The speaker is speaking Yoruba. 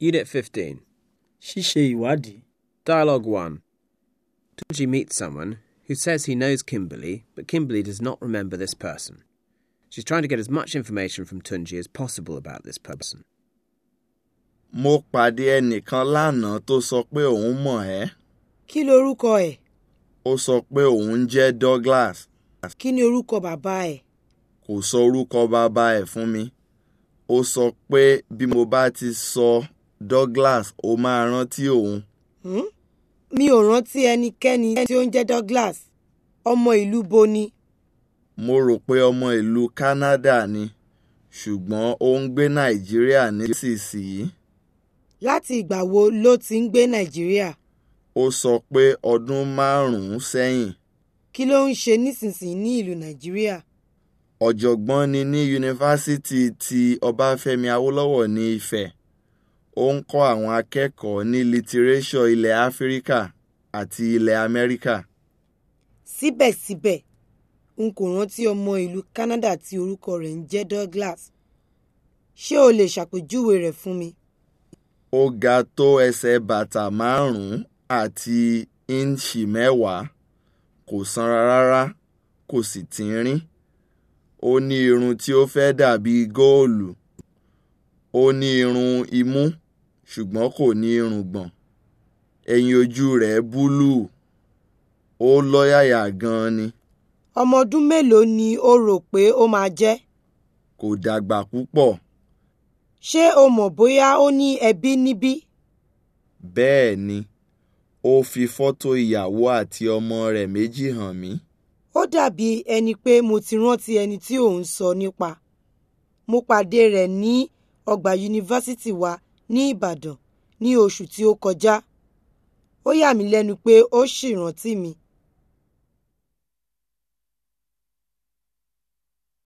Unit 15. Ṣíṣe ìwádìí. Dialogue 1. Tunji meets someone who says he knows Kimberly, but Kimberly does not remember this person. She's trying to get as much information from Tunji as possible about this person. Mo pàdé ẹnìkan lánàá tó sọ pé òun mọ̀ ẹ́. Kí lorúkọ ẹ̀? Ó sọ pé òun jẹ́ Douglas. Kí ni orúkọ bàbá ẹ̀? Kò sọ orúkọ bàbá ẹ̀ fún mi. Ó sọ pé bí mo bá ti sọ. so pe oun mo e ki loruko eo so pe oun je douglas ki ni oruko baba e ko so oruko baba e fun mi o so pe bi mo ba ti so Douglas ó máa rántí òun. Hmm? mi ò rántí ẹnikẹ́ni tí ó ń jẹ́ Douglas ọmọ ìlú bo ni. mo rò pé ọmọ ìlú Canada ni ṣùgbọ́n ó ń gbé Nàìjíríà nísinsìnyí. láti ìgbà wo ló ti ń gbé Nàìjíríà? ó sọ pé ọdún márùn-ún sẹ́yìn. kí ló ń ṣe nísinsìnyí ní ìlú Nàìjíríà? ọ̀jọ̀gbọ́n ni ní yunifásítì ti Ọbáfẹ́mi Awólọ́wọ̀ ní Ifẹ̀ ó ń kọ́ àwọn akẹ́kọ̀ọ́ ní litiréṣọ̀ ilẹ̀ áfíríkà àti ilẹ̀ amẹ́ríkà. síbẹ̀síbẹ̀ n kò rántí ọmọ ìlú Canada tí orúkọ rẹ̀ ń jẹ́ Douglas ṣé o lè ṣàpèjúwe rẹ̀ fún mi. ó ga tó ẹsẹ̀ bàtà márùn-ún àti íǹṣì mẹ́wàá kò sanra rárá kò sì tínrín ó ní irun tí ó fẹ́ dàbí góòlù ó ní irun imú ṣùgbọ́n kò ní irùngbọ̀n ẹ̀yìn ojú rẹ̀ búlúù ó lọ́yàyà gan-an ni. ọmọ ọdún mélòó ni o rò pé ó máa jẹ́? kò dàgbà púpọ̀. ṣé o mọ̀ bóyá ó ní ẹbí níbí? bẹ́ẹ̀ ni ó fi fọ́tò ìyàwó àti ọmọ rẹ̀ méjì hàn mí. ó dàbí ẹni pé mo ti rántí ẹni tí ò sọ nípa. mo pàdé rẹ̀ ní ọgbà yunifásítì wa ní Ìbàdàn ní oṣù tí ó kọjá, ó yà mí lẹ́nu pé ó ṣì rántí mi.